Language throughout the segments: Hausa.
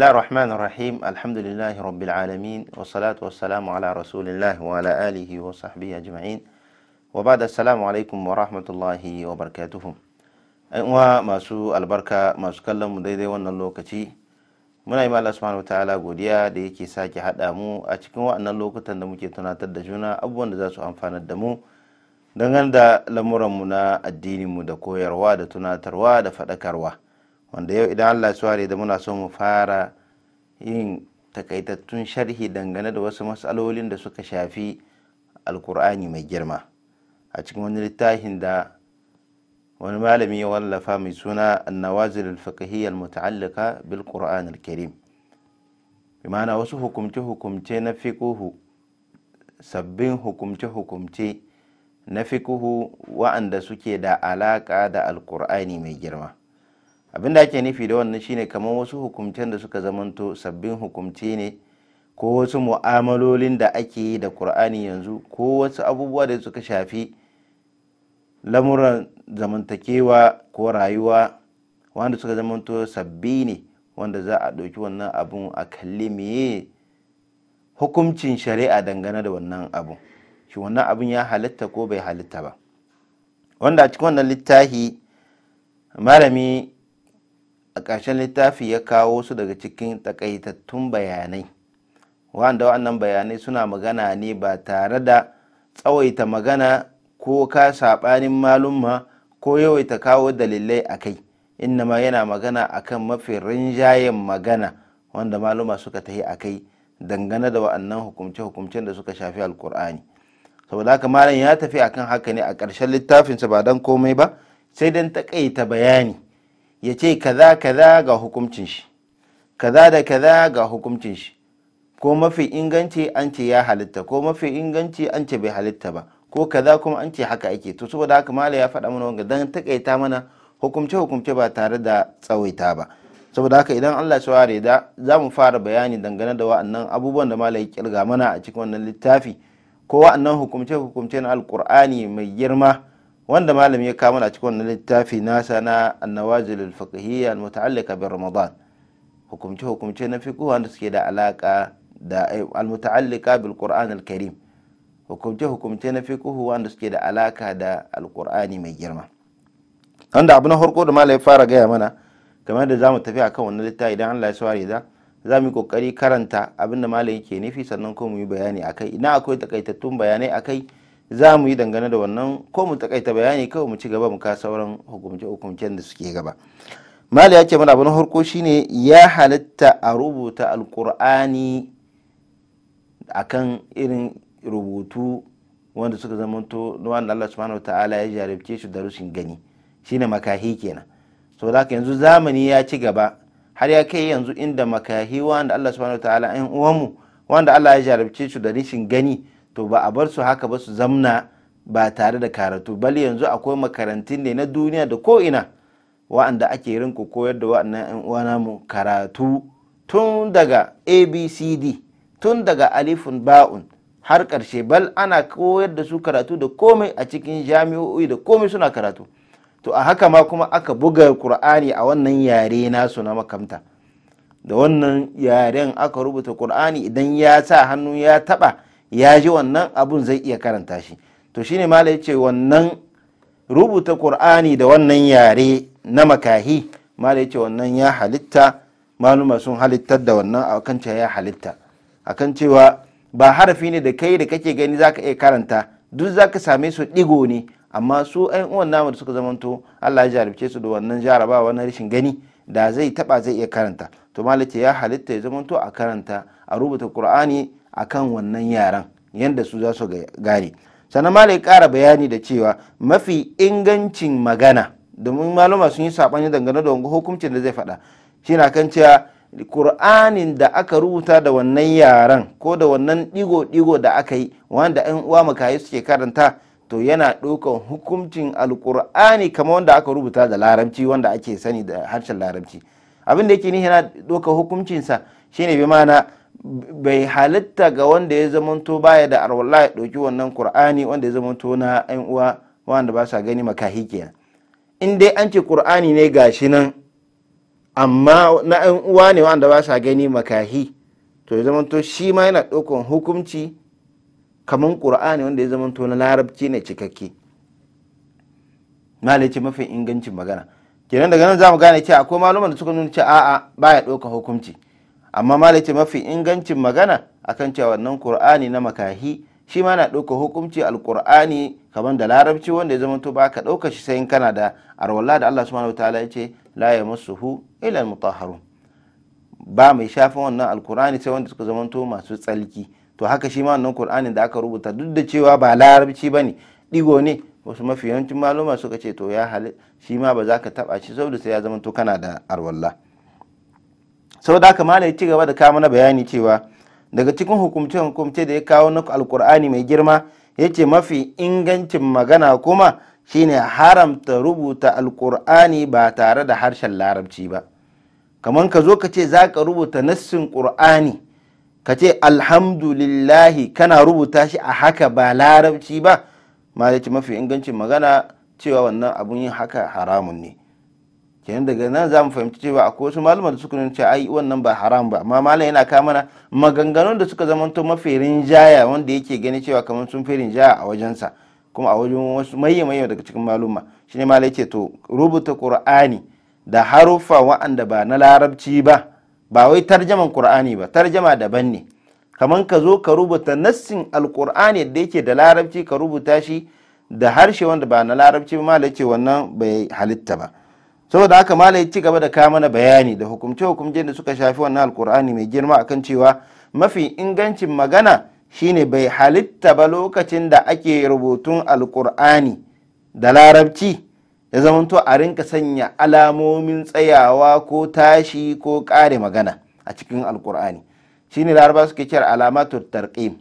الله الرحمن الرحيم الحمد لله رب العالمين والصلاة والسلام على رسول الله وعلى آله وصحبه أجمعين وبعد السلام عليكم ورحمة الله وبركاته أنواع masu albarka masu kallon mu daidai wannan lokaci muna yi Allah subhanahu ta'ala godiya da yake sake haɗa mu a cikin waɗannan lokutan da muke tunatar da juna abubuwan da za su amfanar da mu dangane da lamuranmu na addininmu da koyarwa da tunatarwa da faɗakarwa. wanda yau idan Allah suware da muna so mu fara yin takaitattun sharhi dangane da wasu matsalolin da suka shafi alkur'ani mai girma a cikin wani littafin da wani malami ya wallafa mai suna annawazil alfakahiyar almuta'allika bil qur'an alkarim bimana wasu hukumce hukumce na fiqhu sabbin hukumce hukumce na fiqhu wa'anda suke da alaƙa da alkur'ani mai girma abin da ake nufi da wannan shine kamar wasu hukumcen da suka zamanto sabbin hukumce ne ko wasu mu'amalolin da ake yi da ƙur'ani yanzu ko wasu abubuwa da suka shafi lamuran zamantakewa ko rayuwa wanda suka zamanto sabbi ne wanda za a ɗauki wannan abun a kalli meye hukuncin shari'a dangane da wannan abun shi wannan abun ya halitta ko bai halitta ba wanda a cikin wannan littafi malami a ƙarshen littafi ya kawo su daga cikin takaitattun bayanai wanda wannan bayanai suna magana ne ba tare da tsawaita magana ko ka saɓanin malumma ko yawaita kawo dalilai a kai ma yana magana akan mafi rinjayen magana wanda maluma suka tahi a kai dangane da wa'annan hukumce-hukumcen da suka shafi alkur'ani saboda haka malam ya tafi akan haka ne a ƙarshen littafinsa ba don komai ba sai don takaita bayani ya ce kaza kaza ga hukuncin shi kaza da kaza ga hukuncin shi ko mafi inganci an ce ya halitta ko mafi inganci an ce bai halitta ba ko kaza kuma an ce haka ake to saboda haka mala ya faɗa mana wanga dan takaita mana hukumce hukumce ba tare da tsawaita ba saboda haka idan Allah ya ware da za mu fara bayani dangane da wa'annan abubuwan da mala ya kirga mana a cikin wannan littafi ko wa'annan hukumce hukumce na alkur'ani mai girma wanda malami ya kama mana cikin wannan littafi nasa na annawajil al-fiqhiyya al-muta'alliqa bi ramadan hukumce hukumce na fiqh wanda suke da alaka da al bil qur'an al-karim hukumce hukumce na fiqh wanda suke da alaka da al-qur'ani mai girma wanda abu na farko da malami ya fara gaya mana kamar da zamu tafi akan wannan littafi idan Allah ya saware da za mu yi kokari karanta abinda malami yake nufi sannan kuma mu yi bayani akai ina akwai takaitattun bayanai akai za mu yi dangane da wannan ko mu takaita bayani kawai mu ci gaba mu ka sauran hukumce-hukumcen da suke gaba mali ya ce mana na harko shine ya halitta a rubuta alkur'ani akan irin rubutu wanda suka zamanto wanda Allah subhanahu wa ta'ala ya jarabce shi da rushin gani shine makahi kenan saboda haka yanzu zamani ya ci gaba har ya kai yanzu inda makahi wanda Allah subhanahu wa ta'ala ayin uwanmu wanda Allah ya jarabce shi da rashin gani to ba a bar su haka ba su zamna ba tare da karatu bal yanzu akwai makarantun ne na duniya da ko ina wa'anda ake rinku koyar da wa'annan 'yan karatu tun daga abcd tun daga alifun ba'un har karshe bal ana koyar da su karatu da komai a cikin jami'o'i da komai suna karatu to a haka ma kuma aka buga qur'ani a wannan yare nasu na makamta da wannan yaren aka rubuta qur'ani idan ya sa hannu ya taba ya ji wannan abun zai iya karanta shi to shine malai ce wannan rubuta qur'ani da wannan yare na makahi malai ce wannan ya halitta maluma sun halittar da wannan akan cewa ya halitta akan cewa ba harafi ne da kai da kake gani zaka iya karanta duk zaka same su digo ne amma su ayan uwan namu da suka zamanto Allah ya jarabce su da wannan jarabawa wannan rashin gani da zai taba zai iya karanta to ce ya halitta ya zamanto a karanta a rubuta qur'ani akan wannan yaran yadda su za su gane sannan ma kara bayani da cewa mafi ingancin magana domin maluma sun yi saɓani dangane da hukuncin da zai faɗa shi na kan cewa kur'anin da aka rubuta da wannan yaran ko da wannan ɗigo-ɗigo da aka yi wanda 'yan uwa makayi suke karanta to yana ɗaukan hukuncin alkur'ani kamar wanda aka rubuta da larabci wanda ake sani da harshen larabci abin da yake ni yana ɗaukar hukuncinsa shine bi mana bai halitta ga wanda ya zamanto baya da arwala ya ɗauki wannan qur'ani wanda ya zamanto na ƴan uwa wanda ba sa gani makahi kenan in dai an ce qur'ani ne gashi nan amma na ƴan uwa ne wanda ba sa gani makahi to ya zamanto shi ma yana ɗaukan hukunci kamar qur'ani wanda ya zamanto na larabci ne cikakke malice mafi ingancin magana kenan daga nan za mu gane cewa akwai malumar da suka nuna cewa a'a baya ɗaukan hukunci amma ce mafi ingancin magana akan cewa wannan qur'ani na makahi shi ma na ɗauka hukunci alqur'ani kamar da larabci wanda ya zamanta ba ka ɗauka shi sai kana da arwala da Allah subhanahu wataala ya ce la yamassuhu illa almutahharun ba mai shafin wannan alqur'ani sai wanda suka to masu tsalki to haka shi ma wannan qur'anin da aka rubuta duk da cewa ba larabci ba ne digo ne wasu mafi yawancin maluma suka ce to ya hali shi ma ba za ka taba shi saboda sai ya zamanto kana da arwallah sau haka mala ya ci gaba da kawo mana bayani cewa daga cikin hukumce-hukumce da ya kawo na alkur'ani mai girma ya ce mafi ingancin magana kuma shine haramta rubuta alkur'ani ba tare da harshen larabci ba kamar ka zo ka ce za ka rubuta nassin ƙur'ani ka ce alhamdulillahi kana rubuta shi a haka ba larabci ba ma ya ce mafi ingancin magana cewa wannan abun yin haka haramun ne kenan daga nan za mu fahimci cewa akwai wasu malama da suka nuna cewa wannan ba haram ba amma malam yana kama na maganganun da suka zamanto mafi rinjaya wanda yake gani cewa kamar sun fi rinjaya a wajensa kuma a wajen wasu maye maye daga cikin maluma shine malam yake to rubuta qur'ani da haruffa wa'anda ba na larabci ba ba wai tarjaman qur'ani ba tarjama daban ne kamar ka zo ka rubuta nassin alqur'ani da yake da larabci ka rubuta shi da harshe wanda ba na larabci ba malam yake wannan bai halitta ba saboda haka malai ci gaba da ka mana bayani da hukumce hukumce da suka shafi wannan alkur'ani mai girma akan cewa mafi ingancin magana shine bai halitta ba lokacin da ake rubutun alkur'ani da larabci ya zamanto a rinka sanya alamomin tsayawa ko tashi ko kare magana a cikin alkur'ani shine laraba suke kira alamatu tarqim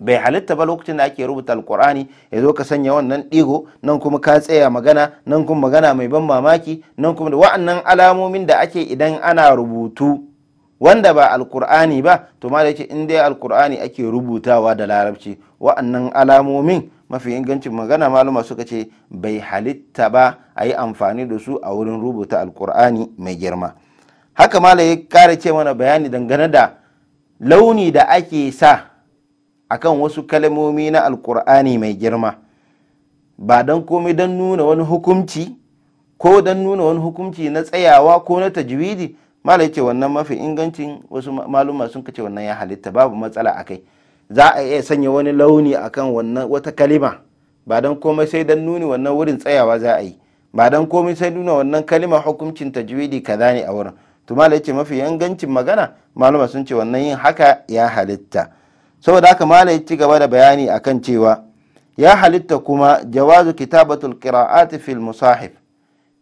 bai halitta ba lokacin da ake rubuta alkur'ani ya zo ka sanya wannan ɗigo nan kuma ka tsaya magana nan kuma magana mai ban mamaki nan kuma da wa'annan alamomin da ake idan ana rubutu wanda ba alkur'ani ba to ma da yake in dai alkur'ani ake rubutawa da larabci wa'annan alamomin mafi ingancin magana maluma suka ce bai halitta ba a yi amfani da su a wurin rubuta alkur'ani mai girma haka mala ya kare ce mana bayani dangane da launi da ake sa akan wasu kalmomi na alkur'ani mai girma ba don komai don nuna wani hukunci ko don nuna wani hukunci na tsayawa ko na tajwidi mala ce wannan mafi ingancin wasu maluma sun kace wannan ya halitta babu matsala a kai za a iya sanya wani launi akan wannan wata kalima ba don komai sai don nuni wannan wurin tsayawa za a yi ba don komai sai nuna wannan kalima hukuncin tajwidi kaza ne a wurin to mala ce mafi ingancin magana maluma sun ce wannan yin haka ya halitta saboda haka malai ya ci gaba da bayani akan cewa ya halitta kuma jawazu kitabatul qira'ati fil musahif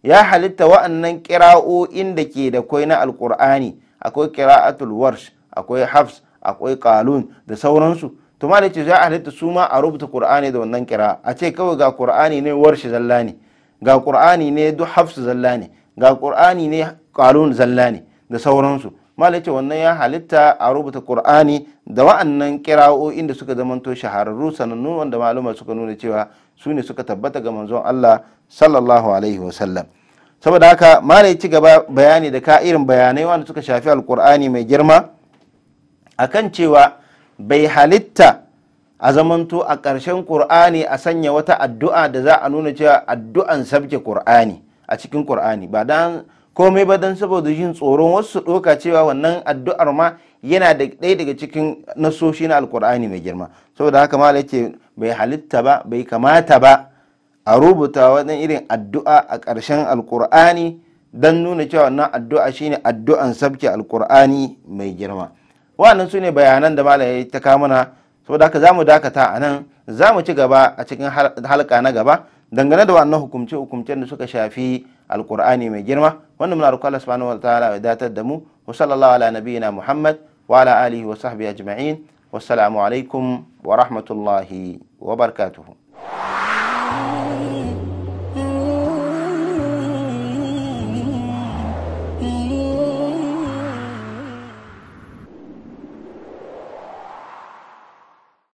ya halitta wa'annan qira'o'in da ke da kwai na alqur'ani akwai qira'atul warsh akwai hafs akwai qalun da sauransu to malai ce ya halitta su ma a rubuta kur'ani da wannan qira'a a ce kawai ga qur'ani ne warsh zalla ne ga qur'ani ne duk hafs zalla ne ga qur'ani ne qalun zalla ne da sauransu malai ce wannan ya halitta a rubuta qur'ani da wa'annan kira'o'in da suka zamanto shahararru sanannu wanda maluma suka nuna cewa su ne suka tabbata ga manzon Allah sallallahu alaihi wa sallam saboda haka malai ci gaba bayani da ka irin bayanai wanda suka shafi alkur'ani mai girma akan cewa bai halitta a zamanto a ƙarshen ƙur'ani a sanya wata addu'a da za a nuna cewa addu'an sabke ƙur'ani a cikin ƙur'ani ba dan komai ba don saboda yin tsoron wasu ɗoka cewa wannan addu'ar ma yana da ɗaya daga cikin nasoshi na alkur'ani mai girma saboda haka mala ce bai halitta ba bai kamata ba a rubuta wannan irin addu'a a ƙarshen alkur'ani don nuna cewa wannan addu'a shine addu'an sabke alkur'ani mai girma wannan su ne bayanan da mala ya ta kamuna saboda haka za mu dakata a nan za mu ci gaba a cikin halka na gaba dangane da wannan hukumce-hukumcen da suka shafi القرآن من جرمة ونمنا رك الله سبحانه وتعالى ذات الدمو وصلى الله على نبينا محمد وعلى آله وصحبه أجمعين والسلام عليكم ورحمة الله وبركاته.